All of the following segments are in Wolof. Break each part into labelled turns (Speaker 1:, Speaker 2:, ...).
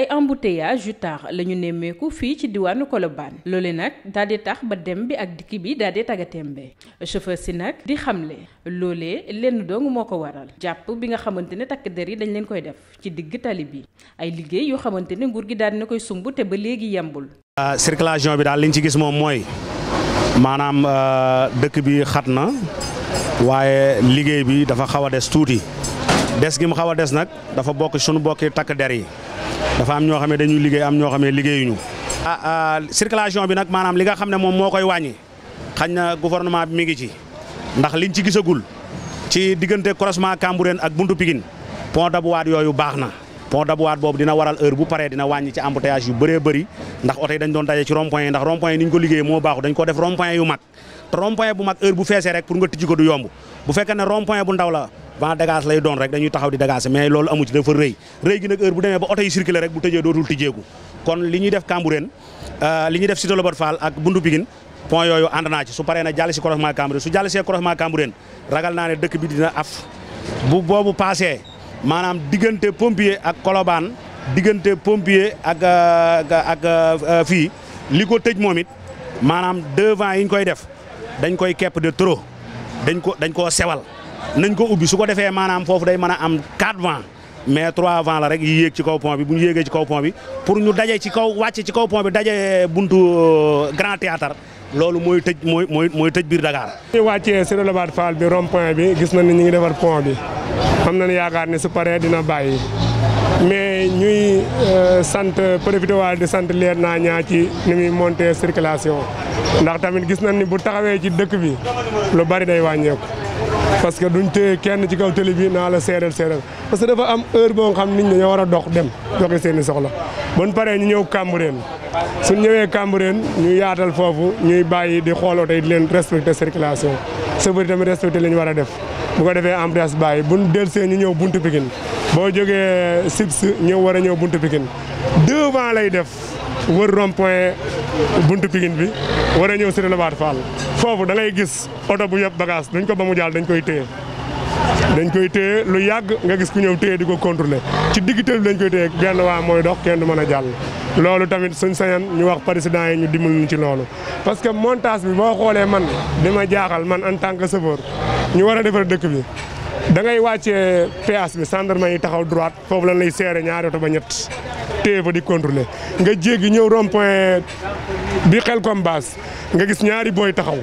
Speaker 1: ay embouteillage yu taax la ñu nemmeeku fii ci diwaanu Colobane loole nag daal di tax ba dem bi ak dikk bi daal di tagatembe chauffeur si nag di xamle loolee lenn dong moo ko waral jàpp bi nga xamante ne takk der yi dañ leen koy def ci digg tali bi ay liggéey yoo xamante ne nguur gi daal dina koy sumb te ba léegi yembul.
Speaker 2: Euh, circulation bi daal liñ ci gis moom mooy maanaam euh, dëkk bi xat na waaye liggéey bi dafa xaw des tuuti des gi mu xaw des nag dafa bokk suñu bokki takk yi. dafa am ñoo xam ne dañuy liggéey am ñoo xam ne ah, ah circulation bi nag maanaam li nga xam ne moom moo koy wàññi xañ na gouvernement bi mi ngi ci ndax liñ ci gisagul ci diggante croisement Cambérène ak buntu Pikine pont d'abowaat yooyu baax na. pont d'abowaat boobu dina waral heure bu paree dina wàññi ci embouteillage yu bëree bëri ndax oto yi dañ doon daje ci rond-point yi ndax rond-point yi ni ñu ko bu mag heure bu feesee rek pour nga tijji ko du yomb bu fekkee ne rond-point bu ndaw la vent dégage lay doon rek dañuy taxaw di dégager mais loolu amu ci dafa rëy rëy gi nag heure bu demee ba oto yi circuler rek bu tëjee dootul tijjeeku kon li ñuy def Cambérène euh, li ñuy def Cité Lobatt Fall ak bundu Pikine point yooyu ànd naa su paree na jàll si croisement Cambérène su jàll see croisement ragal naa ne dëkk bi dina af bu boobu passé maanaam diggante pompier ak Colobane diggante pompier ak euh, ak euh, fii li ko tëj moom it maanaam deux vents yi ñu koy def dañ koy kepp de trop dañ ko dañ koo sewal nañ ko ubbi su ko defee maanaam foofu day mën a am 4 vents mais 3 vents la rek yi yéeg ci kaw pont bi bu ñu yéegee ci kaw pont bi pour ñu daje ci kaw wàcc ci kaw pont bi daje buntu euh, Grand Théâtre loolu mooy tëj mooy mooy mooy tëj biir Dakar.
Speaker 3: ñu wàccee si Lobatt Fall bi rond point bi gis nañ ni ñu ngi defar pont bi
Speaker 2: na nañu yaakaar ne su paree dina bàyyi
Speaker 3: mais ñuy euh, sant profité waal di sant leer naa ñaa ci ni muy monter circulation ndax tamit gis nañ ni bu taxawee ci dëkk bi lu bari day wàññeeku. parce que duñ téye kenn ci kaw télé bi naa la seeral seeral parce que dafa am heure boo xam nit ñi dañoo war a dox dem doxi seeni i soxla bon paree ñu ñëw Cambérène suñ ñëwee Cambérène ñu yaatal foofu ñuy bàyyi di xooloo tey di leen respecté circulation sofër tamit respecté li ñu war a def bu ko defee ambiance bàyyi buñ delsee ñu ñëw buntu Pikine boo jógee Sibs ñëw war a ñëw buntu Pikine devant lay def wër rond point bunt Pikine bi war a ñëw Cité Lomar Fall foofu da ngay gis oto bu yëpp bagage duñ ko ba mu jàll dañ koy téye dañ koy téye lu yàgg nga gis ku ñëw téye di ko contrôler ci diggante bi dañ koy téye genn waa mooy dox kenn du mën a jàll. loolu tamit suñ sañan ñu wax président yi ñu dimbal ñu ci loolu parce que montage bi boo xoolee man dama jaaxal man en tant que chauffeur ñu war a defar dëkk bi da ngay wàccee péage bi gendarme yi taxaw droite foofu lan lay seere ñaari oto ba ñett téye fa di contrôler nga jéggi ñëw rond bi xel kom baas nga gis ñaari booy taxaw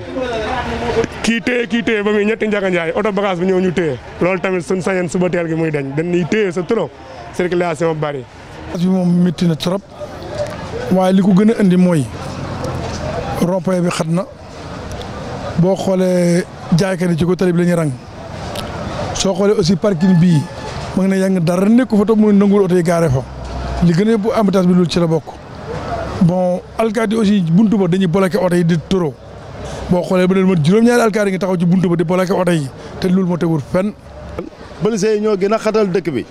Speaker 3: kii téye kii téye ba muy ñetti njaganjaay oto bagage bi ñëw ñu téye loolu tamit suñ sañeen suba teel gi muy dañ dañuy téye sa trop circulation
Speaker 4: bari bi moom métti na trop waaye li ko gën a indi mooy rond-point bi xat na boo xoolee jaaykat yi ci ko tali bi la ñuy rang soo xoolee aussi parking bii ma ngi ne yaa ngi dara nekku fa toog mu nangul oto yi gaare fa li gën a yóbbu embouteillage bi loolu ci la bokk bon alkaati aussi buntu ba dañuy bloqué oto yi di toro boo xoolee ba doon mën juróom-ñaari alkaati ngi taxaw ci bunt ba di bloqué oto yi te loolu moo tegul fenn. policiers yi ñoo gën a xatal dëkk bi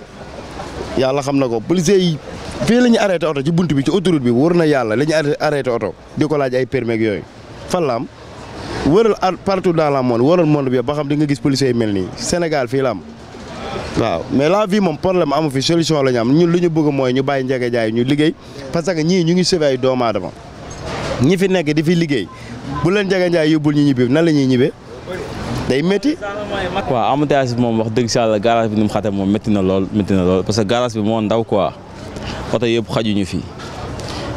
Speaker 1: yàlla xam na ko policiers yi fii la ñu oto ci bunt bi ci autoroute bi wóor na yàlla la ñu arrêté oto di ko laaj ay permis yooyu fan la am wëral partout dans le monde wëral monde bi ba xam di nga gis policiers mel nii Sénégal fii la waaw mais la vie moom problème amu fi solution la ñu am ñun lu ñu bëgg mooy ñu bàyyi njëge jaay ñu liggéey parce que ñii ñu ngi sauver ay doomu ñi fi nekk di fi liggéey bu leen njëge jaay yóbbul ñu ñibbi nan la ñuy ñibbee
Speaker 5: day métti. waaw embouteillage bi moom wax dëgg si yàlla garage bi ni mu xatee moom métti na lool métti na lool parce que garage bi moo ndaw quoi oto yëpp xajuñu fi.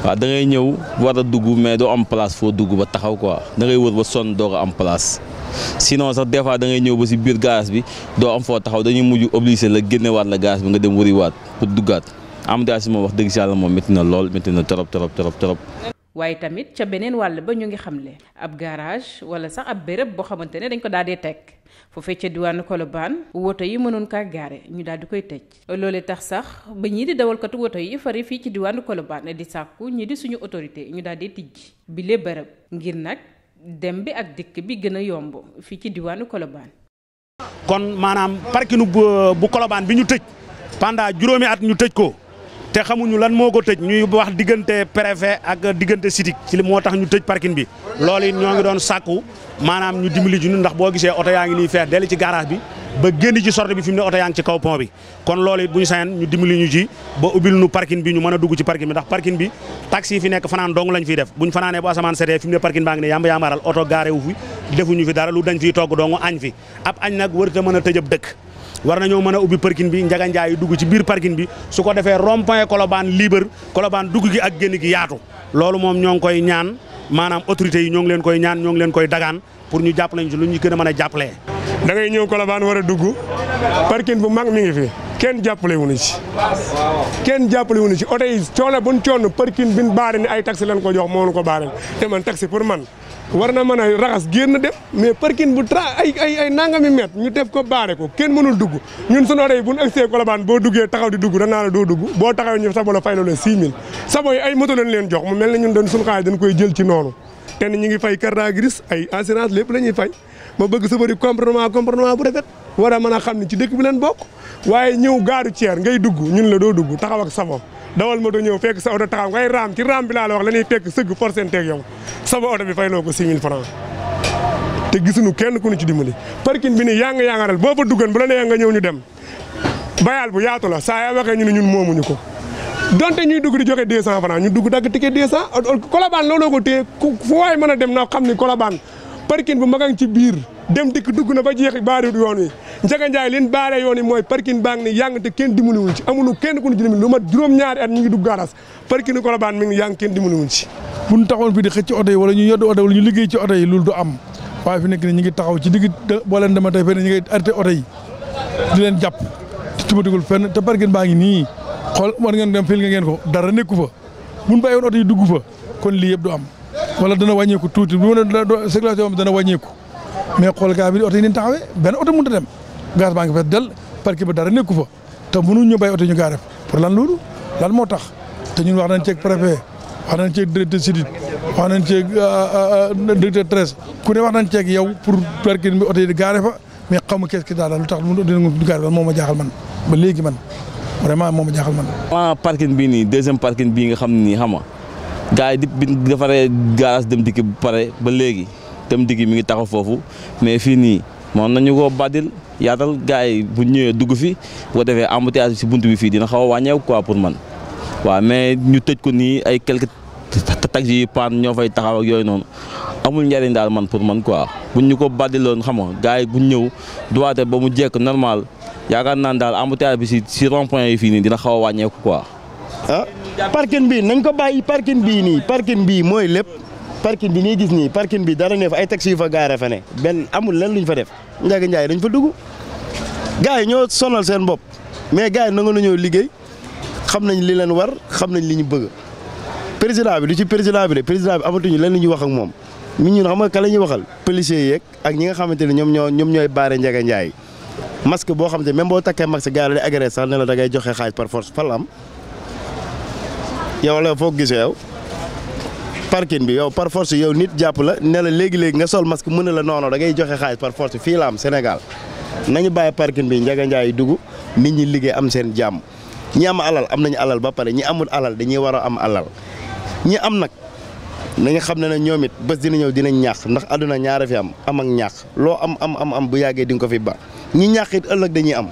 Speaker 5: waaw da ngay ñëw war a dugg mais doo am place foo dugg ba taxaw quoi da ngay wër ba sonn doog a am place sinon sax des fois da ngay ñëw ba si biir gaz bi doo am foo taxaw dañuy mujj obligé la génne génnewaat la gaz bi nga dem wariwaat pour duggaat am daal si moom wax dëgg si yàlla moom métti na lool métti na trop trop trop trop.
Speaker 1: waaye tamit ca beneen wàll ba ñu ngi xamle ab garage wala sax ab béréb boo xamante ne dañ ko daal di teg fu fekkee diwaanu Colobane woto yi mënoon kaa gaare ñu daal di koy tëj loole tax sax ba ñii di dawalkatu woto yi fari fii ci diwaanu Colobane di sàkku ñii di suñu autorité ñu daal di tijj bile bërëb ngir nag dem bi ak dikk bi gën a yomb fii ci diwaanu kolobaan
Speaker 2: kon maanaam parking bu bu Colobane bi ñu tëj pendant juróomi at ñu tëj ko. te xamuñu lan moo ko tëj ñuy wax diggante préfet ak diggante sitik ci li moo tax ñu tëj parking bi loolu it ñoo ngi doon sàkku maanaam ñu dimbali ju ñu ndax boo gisee oto yaa ngi nii feex dellu ci garage bi ba génn ci sortie bi fi mu ne oto yaa ci kaw pont bi kon loolu it bu ñu sañan ñu dimbali ñu ci ba ubbil parking bi ñu mën a dugg ci parking bi ndax parking bi taxi fi nekk fanaan dong lañ fiy def buñ fanaanee bu asamaan setee fi mu ne parking baa ngi ne fi defuñu fi dañ fiy togg añ fi ab añ nag wërta a tëjëb dëkk war nañoo mën a ubbi parking bi Njaga Njaay yi dugg ci biir parking bi su ko defee rond point Colobane libre Colobane dugg gi ak génn gi yaatu loolu moom ñoo ngi koy ñaan maanaam autorités yi ñoo ngi leen koy ñaan ñoo ngi leen koy dagaan pour ñu jàppale ñu ci lu ñu gën a mën a jàppalee. da ngay ñëw
Speaker 3: Colobane war a dugg parking bu mag mi fi kenn jàppale wu ñu ci kenn jàppale wu ñu ci oto yi coono bu ñu coono parking bi ñu baare ni ay taxi lañ ko jox moo ñu ko baareel te man taxi pour man. war na mën a raxas génn dem mais parking bu tra ay ay ay nangami mètre ñu def ko baare ko kenn mënul dugg ñun sunu oto yi bu ñu agsee Colobane boo duggee taxaw di dugg da naa doo dugg boo taxaw ñu sabo la fay la 6000 sabo yi ay mel ne ñun dañ sunu xaalis dañ koy jël ci noonu te ñu ngi fay carte grise ay assurance lépp la ñuy fay ma bëgg sa bëri comprement comportement bu rafet war a mën a xam ne ci dëkk bi leen bokk waaye ñëw gaaru ceer ngay dugg ñun la doo dugg taxaw ak sabo dawal moto ñëw fekk sa oto taxaw ay raam ci raam bi laa la wax la ñuy tekk sëgg forcenteeg yow sama oto bi fay loo ko 6000 francs te gisuñu kenn ku ñu ci dimbali parking bi ni yaa nga yaangaaral boo fa duggan bu la nee nga ñëw ñu dem bayaal bu yaatu la saa yaa waxee ñu ne ñun moomuñu ko donte ñuy dugg di joxe 200 francs ñu dugg dagg ticket 200 kolobaan looloo ko téye fu waay mën a dem na xam ni kolobaan parking bu magang ci biir dem dikk dugg na ba jeex baariwut yoon wi Njaga Njaay leen baaree yoon yi mooy parking baa ngi ni yàng te kenn dimbaliwuñ ci amunu ci dimbali lu mat
Speaker 4: juróom-ñaari at ngi dugg gaaraas parking Colobane mi ngi yàng kenn dimbaliwuñ ci bu ñu taxawoon fii xëcc oto yi wala ñu yoddu oto yi liggéey ci oto yi loolu du am waaye fi nekk ni ñu ngi taxaw ci digg boo leen dama tey fenn ngi te tubatugul fenn baa ngi nii xool war ngeen ngeen ko dara nekku fa buñ bàyyi woon oto yi dugg fa kon lii yëpp du am wala dana wàññeeku tuuti bu ma circulation dana wàññeeku mais xool gaa bi oto yi ni taxawee benn oto mënut a dem gaz baa ngi fees del parking bi dara nekku fa te mënuñ ñu bay oto ñu gaaref pour lan loolu lan moo tax te ñun wax nañ ceeg préfet wax nañ ceeg directeur sidit wax nañ ceeg euh, euh, directeur treize ku ne wax nañ ceeg yow pour parking bi oto yi di gaare fa mais xaw ma kees ki daal lu tax mu dinañ ko gaare fa moo ma jaaxal man ba léegi man vraiment moo ma jaaxal man.
Speaker 5: vraiment parking bii nii deuxième parking bii nga xam ne nii xam nga gars di bi defaree garage dem dikki bu pare ba léegi dem dikki mi ngi taxaw foofu mais fii nii moom nañu koo badil yaatal gars yi bu ñëwee dugg fi bu ko defee embouteillage bi si bunt bi fi dina xaw a wàññeeku quoi pour man waa mais ñu tëj ko nii ay quelques taxi yi paan ñoo fay taxaw ak yooyu noonu amul njariñ daal man pour man quoi bu ñu ko baddiloon xam nga gars yi buñ ñëw duwaate ba mu jekk normal yaakaar naan daal embouteillage bi si si rond point yi fii nii dina xaw a wàññeeku quoi. ah
Speaker 1: parking bii nii parking bii mooy lépp. parking bi ngay gis nii parking bi dara ne ay taxi yu fa gaare fa ne benn amul lenn luñ fa def Ndiaga Ndiaye dañ fa dugg gars yi ñoo sonal seen bopp mais gars yi nangu nañoo liggéey xam nañ li leen war xam nañ li ñu bëgg président bi du ci président bi de président bi amatuñu lenn lu ñuy wax ak moom mi ñun xam nga ka la ñuy waxal policiers yeeg ak ñi nga xamante ne ñoom ñoo ñoom ñooy baare Ndiaga Ndiaye masque boo xam ne même boo takkee masque gars yi la agressé sax ne la joxe xaalis par force fan la am gisee yow parking bi yow par force yow nit jàpp la ne la léegi-léegi nga sol masque mën na la noonu da ngay joxe xaalis par fii la am nañu bàyyi parking bi njaga njaay yi dugg nit ñi liggéey am seen jàmm ñi am alal am nañu alal ba pare ñi amul alal dañuy war a am alal ñi am nag nañu xam ne ne ñoom it bés dina ñëw dinañ ñaax ndax àdduna ñaara fi am am ak ñaax loo am am am am bu yàggee di ko fi ba ñi ñaax it ëllëg dañuy am